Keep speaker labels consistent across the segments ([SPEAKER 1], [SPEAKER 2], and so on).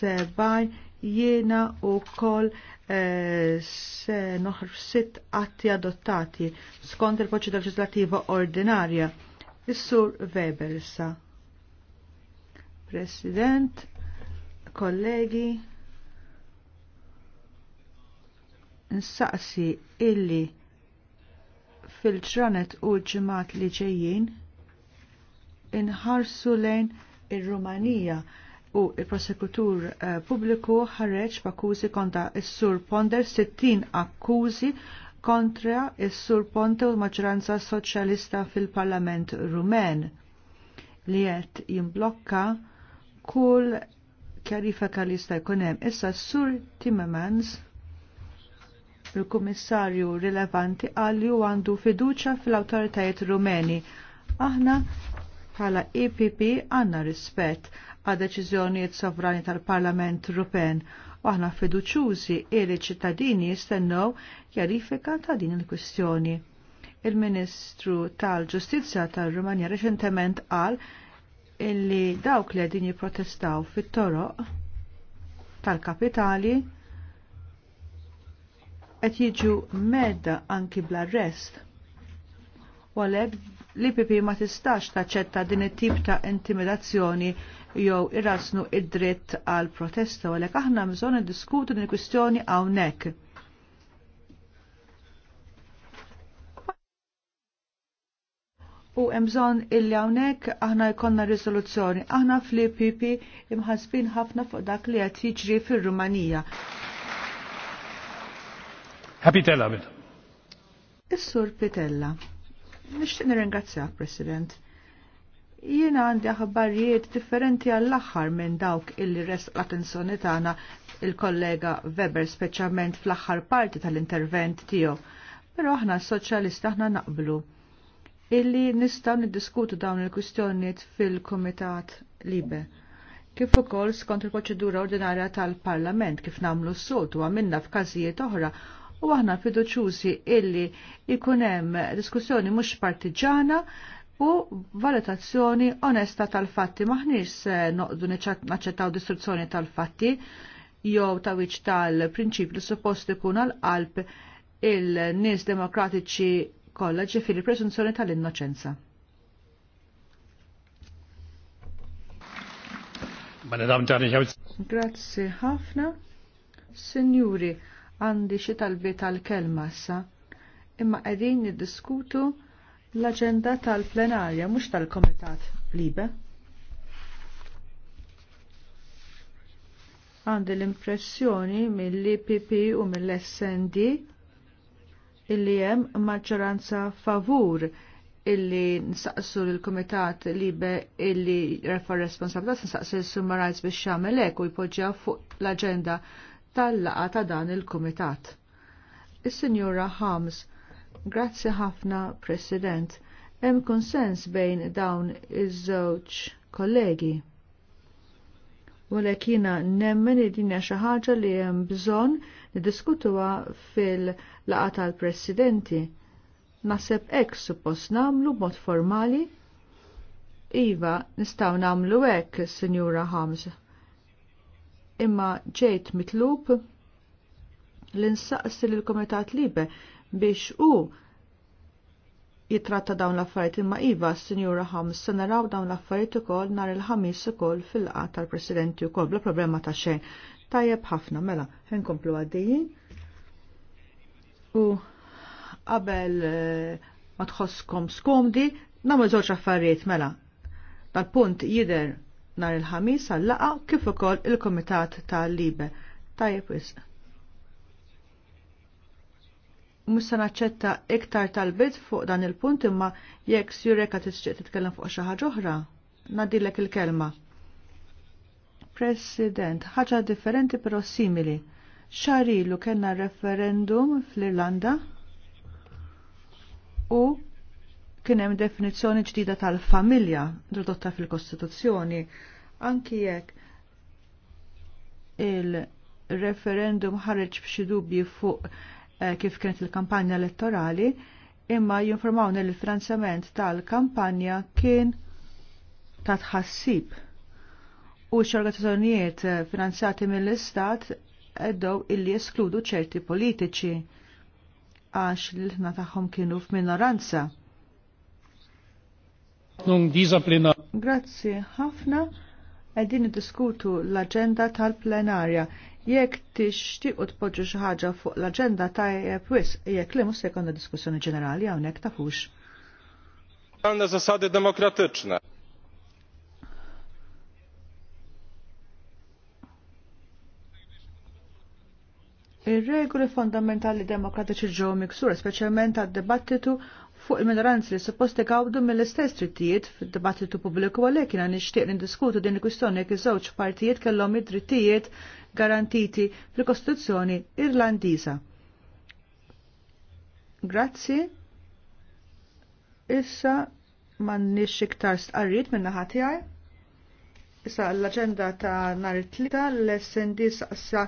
[SPEAKER 1] Sebaj jiena u kol eh, se noħr sitt atti adottati skont il-proċedura legislativa ordinarja. Is-sur Weber issa. President, kollegi, nsaqsi illi fil-ġranet u ġimat li ġejjin inħarsu lejn ir-Rumanija u il-prosekutur eh, pubbliku ħareġ b'akkużi kontra is-Sur Ponder 60 akkużi kontra is-Sur Ponte u l-maġranza soċjalista fil-Parlament Rumen li qed jimblokka kull kjarifika li jista' jkun hemm. Issa s-Sur Timmermans il-Kummissarju rilevanti għalli u għandu fiduċa fil-awtoritajiet Rumeni. Aħna bħala EPP għanna rispett għad deċiżjonijiet sovrani tal-Parlament Rupen u aħna fiduċjużi li ċittadini jistennew jarifika ta' din il-kwistjoni. Il-Ministru tal-Ġustizzja tal rumanja reċentement qal illi dawk li din jiprotestaw fit-toroq tal-kapitali qed jiġu medda anki bl-arrest U għalek l-IPP ma tistax taċċetta din it-tip ta' intimidazzjoni jew irrasnu id-dritt għal protesta u għalhekk aħna bżonn diskutu din il-kwistjoni hawnhekk. u emżon illi għawnek aħna jkonna rizoluzzjoni. Aħna fl-IPP imħasbin ħafna fuq dak li għat jiġri fil-Rumanija. Happy Tella, Is-sur Pitella. Nishtiq nirringrazzjak, President. Jiena għandi aħbarijiet differenti għall-aħħar minn dawk illi res l-attenzjoni tagħna il-kollega Weber speċjalment fl-aħħar parti tal-intervent tiegħu. Però aħna soċjalisti aħna naqblu illi nistgħu niddiskutu dawn il-kwistjonijiet fil-Kumitat Libe. Kif ukoll skont il-proċedura ordinarja tal-Parlament kif nagħmlu s-soltu għamilna f'każijiet oħra u aħna fiduċużi illi ikun hemm diskussjoni mhux partiġana u valutazzjoni onesta tal-fatti Maħnis noqdu naċċettaw distruzzjoni tal-fatti jew ta' wiċ tal-prinċip li suppost ikun għal-qalb il-nies demokratiċi kollha ġifieri presunzjoni tal-innoċenza. Grazie ħafna. Signori, għandi xi talbi tal-kelma issa. Imma qegħdin niddiskutu l-aġenda tal-plenarja mhux tal-Komitat Libe. Għandi l-impressjoni mill-IPP u mill-SND illi hemm maġġoranza favur illi nsaqsu l-Komitat Libe illi refa responsabilità nsaqsu l-Summarize biex xamelek u jpoġġa fuq l-agenda tal-laqa ta' dan il-Kumitat. Is-Sinjura Hams, grazzi ħafna President, hemm konsens bejn dawn iż-żewġ kollegi. Walek jina nemmen id dinja xi ħaġa li hemm bżonn niddiskutuha fil-laqa tal-Presidenti. Naseb hekk suppost nagħmlu b'mod formali Iva, nistaw namlu hekk, Sinjura Hamza imma ġejt mitlub l-insaqsi l-Komitat Libe biex u jitratta dawn l-affarijiet imma iva s-Sinjura Hams s naraw dawn l-affarijiet ukoll nar il-ħamis ukoll fil qa tal-Presidenti kol, bla problema ta' xejn. Tajjeb ħafna mela, ħinkomplu għaddejjin. U qabel eh, ma tħosskom skomdi, namu żewġ affarijiet mela. Dal-punt jider nar il-ħamis għall-laqa kif ukoll il-Komitat tal-Libe. Tajjeb wisq. Mhux se naċċetta iktar tal-bid fuq dan il-punt imma jekk sjureka tixtieq titkellem fuq xi ħaġa oħra, nadilek il-kelma. President, ħaġa differenti però simili. Xarilu kellna referendum fl-Irlanda u kien hemm definizzjoni ġdida tal-familja introdotta fil-Kostituzzjoni anki jekk il-referendum ħareġ b'xi dubji fuq eh, kif kienet il-kampanja elettorali, imma jinformawni li l-finanzjament tal-kampanja kien ta' tħassib u x-organizzazzjonijiet eh, finanzjati mill-Istat eddow illi jeskludu ċerti politiċi għax l-ħna tagħhom kienu f'minoranza Grazzi ħafna għedin diskutu l-agenda tal-plenarja. Jekk tixtieq u tpoġġu xi ħaġa fuq l-aġenda tajjeb wis, jekk li mhux sekonda diskussjoni ġenerali hawnhekk tafux. Għandna zasady demokratyczne. Ir-regoli fondamentali demokratiċi ġew miksura, speċjalment għad-dibattitu fuq il-minoranzi li suppost għawdu mill-istess drittijiet fil-dibattitu pubbliku għalhekk jiena nixtieq nindiskutu din il-kwistjoni jekk iż-żewġ partijiet kellhom id-drittijiet garantiti fil-Kostituzzjoni Irlandiża. Grazzi. Issa m'għandniex iktar stqarrijiet minn naħa tiegħi. Issa l-aġenda ta' nhar it-tlieta l-SND saqsa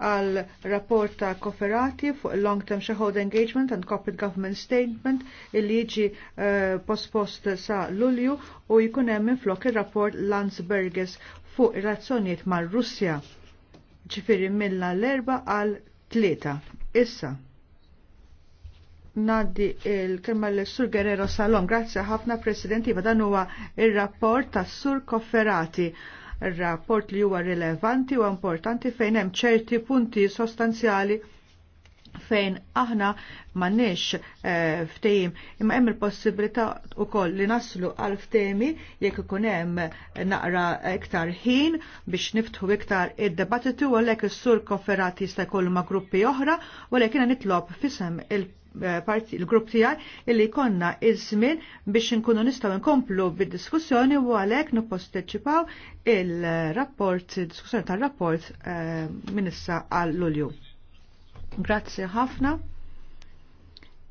[SPEAKER 1] għal rapport ta' koferati fuq long term shareholder engagement and corporate government statement illi jiġi uh, sa' Lulju u jkun hemm flok ir-rapport Landsbergis fuq ir-razzjonijiet mar-Russja. ġifiri milla l-erba għal tlieta. Issa. Naddi il kemma l-Sur Guerrero Salom. Grazzi ħafna Presidenti, iva. dan huwa il rapport tas Sur Kofferati rapport li huwa rilevanti u importanti fejn hemm ċerti punti sostanzjali fejn aħna m'għandniex eh, ftehim imma hemm il-possibilità wkoll li naslu għal ftehimi jekk ikun hemm naqra iktar ħin biex niftħu iktar id-debattitu għalhekk is-sur konferati jista' jkollu ma' gruppi oħra u għalhekk nitlob fisem il- il-grupp tiegħi illi konna iż-żmien biex inkunu nistgħu nkomplu bid-diskussjoni u għalhekk nipposteċipaw il-rapport, diskussjoni tal-rapport eh, minn issa għal Lulju. Grazzi ħafna.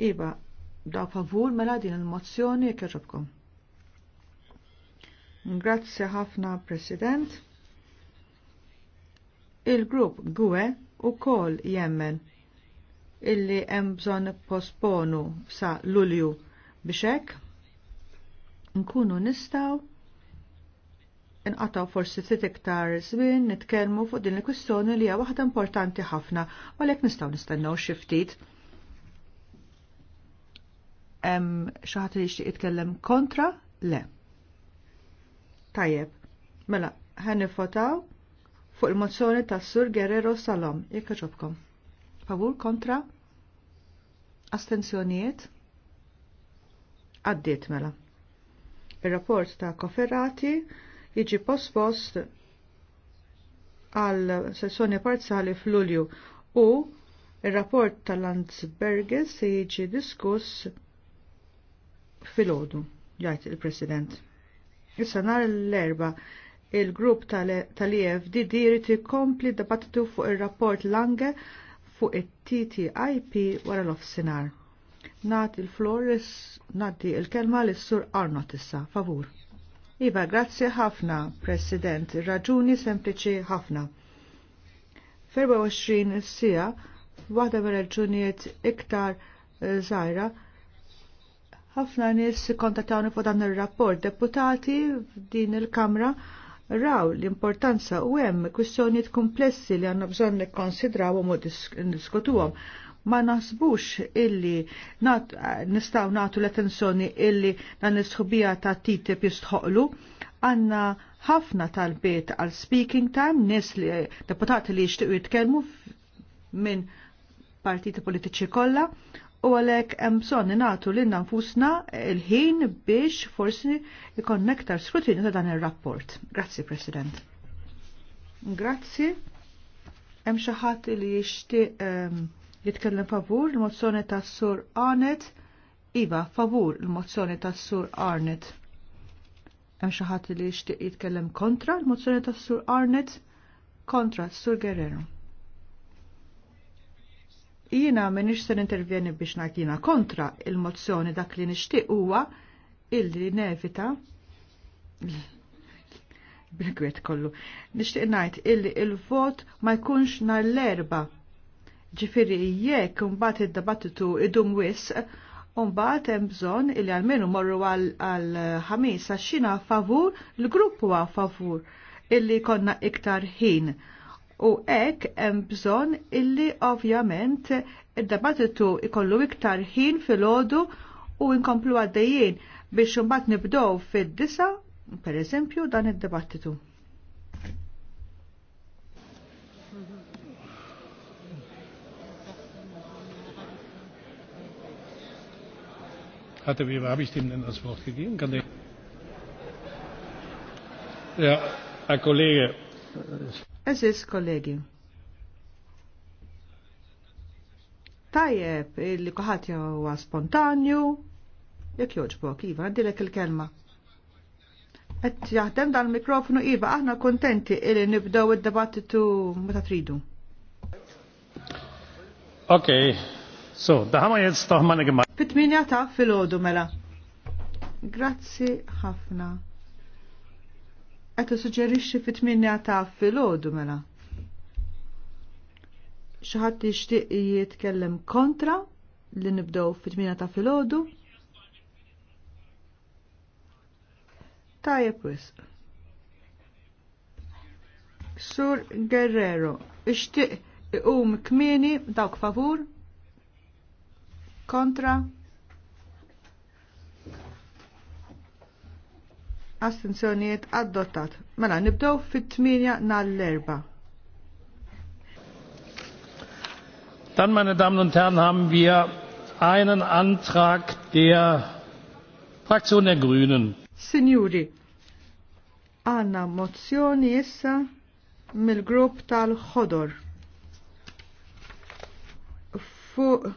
[SPEAKER 1] Iba, daw favur mela din il-mozzjoni jekk irrobkom. Grazzi ħafna, President. Il-grupp GUE u kol jemmen illi hemm bżonn posponu sa Lulju biex hekk nkunu nistgħu inqataw forsi ftit iktar żmien nitkellmu fuq din il-kwistjoni li hija waħda importanti ħafna għalhekk nistgħu nistennew xi ftit. Hemm xi ħadd li jixtieq jitkellem kontra? Le. Tajjeb. Mela, ħanifotaw fuq il-mozzjoni tas-Sur Guerrero Salom. Jekk ġobkom favur kontra astenzjonijiet għaddiet mela. Il-rapport ta' koferrati jiġi post-post għal sessjoni parzjali f'Lulju u il-rapport ta' landsbergis se jiġi diskuss fil-ħodu, jgħajt il-President. Issa nar l-erba il-grupp tal-EFDD tal, tal kompli dibattitu fuq il-rapport Lange fuq it-TTIP wara l-offsinar. Nat il-Flores, nati il-kelma l-Sur Arno issa, favur. Iva, grazzi ħafna, President, raġuni sempliċi ħafna. 24 sija, waħda mir raġunijiet iktar zaħira, eh, ħafna nis kontatawni fuq dan il-rapport, deputati din il-Kamra, raw l-importanza u hemm kwistjonijiet komplessi li għandna bżonn nikkonsidrawhom u niskutuhom. ma nasbux illi nat, nistaw natu l-attenzjoni illi dan l-sħubija ta' TTIP jistħoqlu, għanna ħafna tal-bit għal speaking time, nis li deputati li jishtiqu jitkelmu minn partiti politiċi kollha u għalek emson natu l-inna nfusna l ħin biex forsi ikon aktar skrutinju ta' dan il-rapport. Grazzi, President. Grazzi. Hemm xi ħadd li jixtieq ehm, jitkellem favur il-mozzjoni tas Sur Arnet. Iva, favur il-mozzjoni tas Sur Arnet. Hemm xi ħadd li jixtieq jitkellem kontra il-mozzjoni tas Sur Arnet kontra Sur Guerrero. Jina minix se intervjeni biex najtina kontra il-mozzjoni dak li nixtieq huwa illi nevita l-gwiet kollu. Nixtieq ngħid illi il-vot ma jkunx nhar l-erba. Ġifieri jekk mbagħad id-dibattitu idum wisq, mbagħad hemm bżonn li għalmenu morru għal ħamisa xina favur, l-grupp huwa favur illi konna iktar ħin u hekk hemm bżonn illi ovvjament id-dibattitu ikollu iktar ħin filgħodu u nkomplu għaddejjin biex imbagħad nibdew fid-disa pereżempju dan id-dibattitu. hatte wie habe ich dem denn das Wort gegeben? Kann der, ja, Herr Kollege. Eżis kollegi. Tajjeb, il-li kuħat huwa spontanju, jekk joġbok, Iva, għandilek il-kelma. Et jaħdem dan mikrofonu Iva, aħna kontenti illi nibdew id debattitu meta tridu. Ok, so, daħma jedz taħma negma. Pitminja fil-ħodu mela. Grazzi ħafna. Għet suġerixi fit tminja ta' filgħodu mela. Xi ħadd jitkellem kontra li nibdew fit-8 ta' filodu. Tajja wisq. Sur Guerrero, iġtiq iqum kmieni dawk favur kontra astenzjonijiet adottat. Mela, nibdew fit-8 nall-erba. Dann, meine Damen und Herren, haben wir einen Antrag der Fraktion der Grünen. Signori, Anna mozzjoni issa mill-grupp tal-ħodor fuq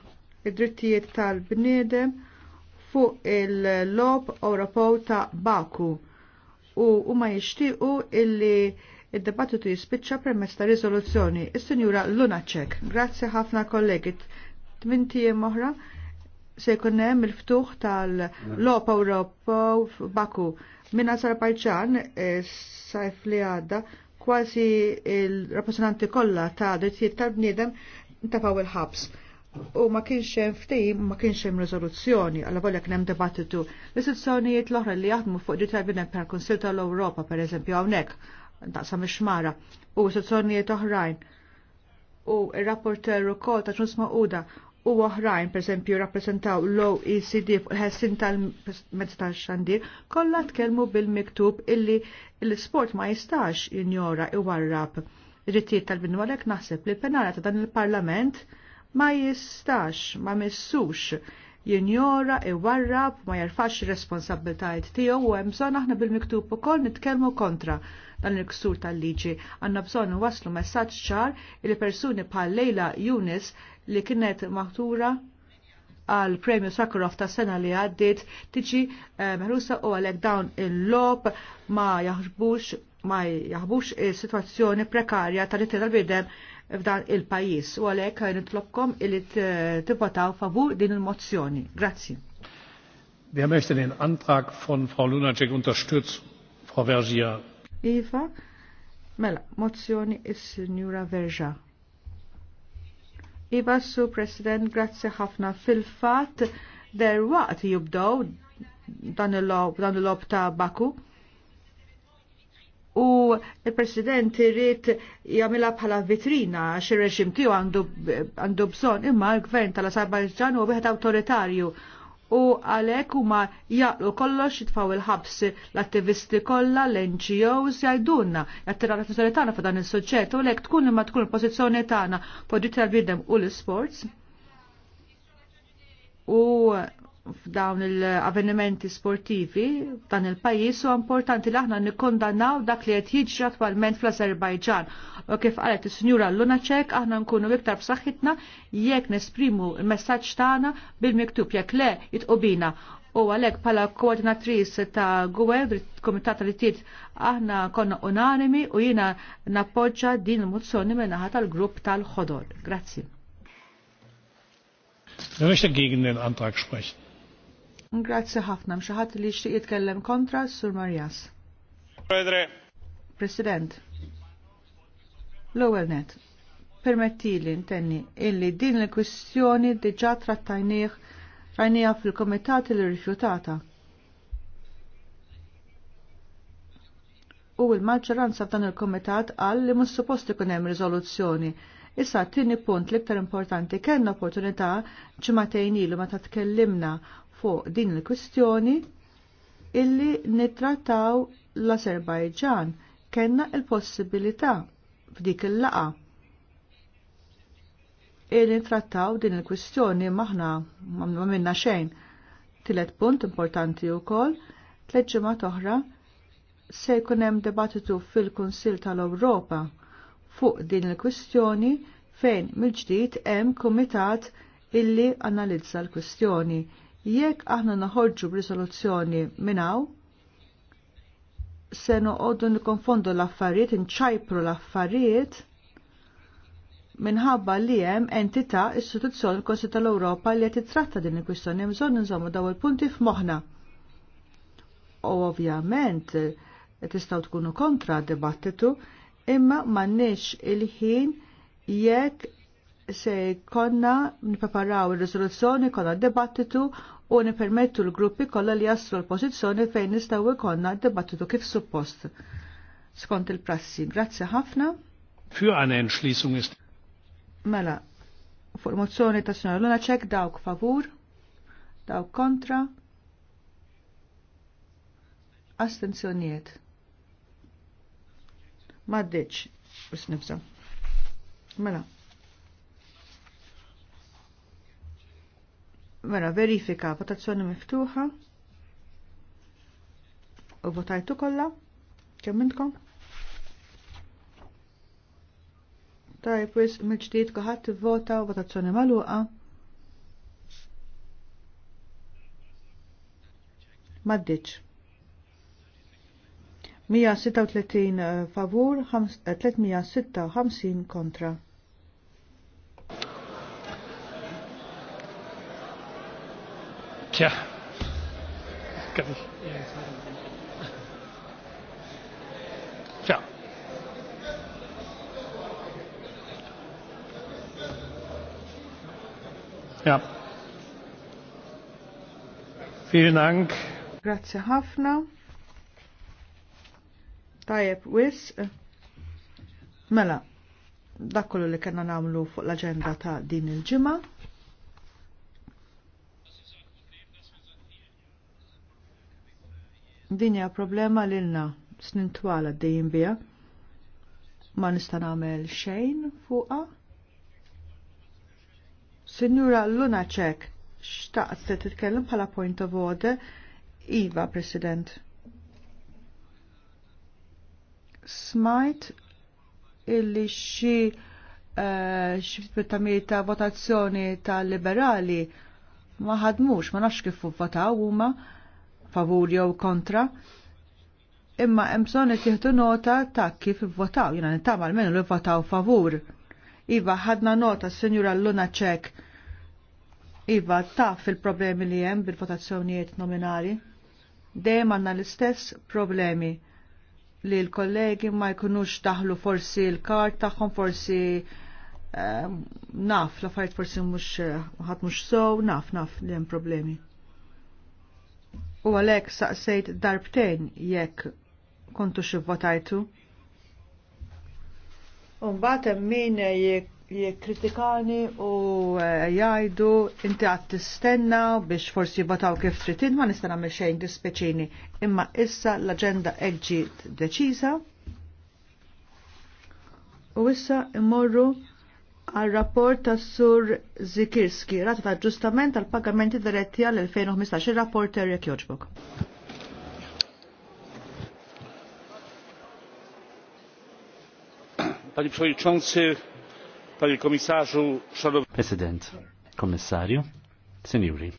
[SPEAKER 1] id-drittijiet tal-bniedem fuq il-lob Ewropew ta' Baku u huma jixtiequ illi id-dibattitu jispiċċa permezz ta' riżoluzzjoni. Is-Sinjura Lunacek, grazzi ħafna kollegi. Tmintiem moħra. se jkun hemm il-ftuħ tal Europa u Baku. Minna Azerbajġan eh, sajf li għadda kważi il-rappresentanti kollha ta' drittijiet tal-bniedem ta' il-ħabs u ma kienx hemm ftehim ma kienx hemm riżoluzzjoni għal volja kien hemm dibattitu. L-istituzzjonijiet l-oħra li jaħdmu fuq determinant per Kunsil tal-Ewropa pereżempju hawnhekk daqsam ix-xmara u istituzzjonijiet oħrajn u r-rapporter ukoll ta' ġuns Uda u oħrajn pereżempju rappreżentaw l-OECD fuq il-ħessin tal-mezz tax-xandir kollha tkellmu bil-miktub illi l isport ma jistax jinjora iwarrab rittijiet tal-binwalek naħseb li l-penala ta' dan il-Parlament ma jistax, ma missux jinjora, iwarrab, ma jarfax responsabiltajt tiegħu u hemm bżonn aħna bil-miktub ukoll nitkelmu kontra dan il-ksur tal-liġi. Għandna bżonn waslu messaġġ ċar il persuni bħal Lejla Yunis li kienet maħtura għal premju Sakharov ta' sena li għaddit tiġi eh, meħrusa u għalek dawn il-lob ma jaħbux ma jaħbux il-situazzjoni prekarja tal-ittir tal-bidem f'dan il-pajis u għalek nitlobkom illi tivotaw favur din il-mozzjoni. Grazzi. Wir möchten den Antrag von Frau Lunacek unterstützen? Frau Vergia. Iva, mela, mozzjoni is-Signora Vergia. Iva, su President, grazie ħafna fil-fat der waqt jibdow dan il-lob ta' Baku u il-President irrid jagħmilha bħala vitrina għax reġim tiegħu għandu bżonn imma l-gvern tal-Azerbajġan u wieħed awtoritarju u għalhekk huma jaqlu kollox jitfaw il-ħabs l-attivisti kollha l-NGOs jgħidulna jattirra l-attenzjoni tagħna f'dan is-suġġett u lek tkun imma tkun il-pożizzjoni tagħna podġitra l bidem u l-isports u f'dawn il-avvenimenti sportivi dan il-pajis u importanti li aħna nikkondannaw dak li qed jiġri attwalment fl-Azerbajġan. U kif qalet is-Sinjura Lunaċek aħna nkunu iktar b'saħħitna jekk nesprimu l-messaġġ tagħna bil-miktub jekk le jitqobina. U għalhekk bħala koordinatriz ta' Gwe, Komitat li tit, aħna konna unanimi u jiena nappoġġa din il-mozzjoni ħata tal-grupp tal-ħodor. Grazzi. Ich möchte gegen den Antrag sprechen. Grazzi ħafna mxaħat li xtiq jitkellem kontra Sur Marjas. President, l-ewwel net, permettili intenni illi din il-kwistjoni diġà trattajnieh rajnija fil-komitat li rifjutata. U il-maġġoranza f'dan il-komitat għal li mhux suppost ikun hemm riżoluzzjoni Issa t-tini punt l-iktar importanti kellna opportunità ġimatejn ilu meta tkellimna fuq din il-kwistjoni illi nittrattaw l-Azerbajġan kena il-possibilità f'dik il-laqa illi nitrataw din il-kwistjoni maħna ma minna xejn. Tilet punt importanti u kol, tlet toħra oħra se jkun hemm debattitu fil-Kunsill tal-Ewropa fuq din il-kwistjoni fejn mill-ġdid hemm kumitat illi analizza l-kwistjoni. Jekk aħna naħorġu b'risoluzzjoni minnaw, se noqogħdu nikonfondu l-affarijiet, nċajpru l-affarijiet minħabba li hemm entità istituzzjoni l-Konsil tal-Ewropa li qed titratta din il-kwistjoni hemm bżonn inżommu daw il-punti f'moħħna. U ovvjament tistgħu tkunu kontra dibattitu imma m'għandniex il-ħin jekk se konna nippreparaw ir-riżoluzzjoni konna debattitu u nipermettu l-gruppi kollha li jaslu l-pożizzjoni fejn nistgħu jkollna debattitu kif suppost. Skont il-prassi. Grazzi ħafna. Für eine Entschließung ist. Mela, ta' mozzjoni sjoni l Luna ċek dawk favur, dawk kontra, astenzjonijiet. Maddeċ, bis-nifsa. Mela. Mela, verifika, votazzjoni miftuħa. U votajtu kollha? Kemm intkom? Tajb, wis mill-ġdid kuħadd ivvota u votazzjoni magħluqa. Maddiċ. 136 eh, favur, 356 eh, kontra. Tja. Tja. Ja. Vielen Dank. Grazie ħafna. Tajep wis. Mela, dak kollu li kena namlu fuq l-agenda ta' din il-ġimgħa. Din hija problema lilna snin twala dejjem biha. Ma nista' nagħmel xejn fuqha. Sinjura Lunacek, xtaqt se titkellem bħala point of order, Iva, President. Smajt illi xi eh, xi ta' votazzjoni ta' liberali ma ħadmux, ma nafx kif votaw huma favur jew kontra. Imma hemm bżonn tieħdu nota ta' kif ivvotaw, jiena nittama almenu li votaw favur. Iva ħadna nota s-Sinjura Luna Ċek. Iva taf il-problemi li hemm bil-votazzjonijiet nominali. Dejjem għandna l-istess problemi li l-kollegi ma jkunux daħlu forsi l-kart tagħhom forsi eh, naf, la fajt forsi mux eh, ħat mux sow, naf, naf li hemm problemi. U għalek saqsejt darbtejn jekk kontu xivvotajtu. Umbat min jikkritikani u eh, jajdu inti għat tistenna biex forsi votaw kif tritin ma nistana me xejn dispeċini. Imma issa l-agenda eġġi deċiża. U issa immorru għal rapport ta' Sur Zikirski, rata ta' ġustament għal pagamenti diretti għal 2015, il-rapport Erjek Joġbok. Pani Przewodniczący, Panie Komisarzu, Szanowny Prezydent, Komisarzu, Seniori.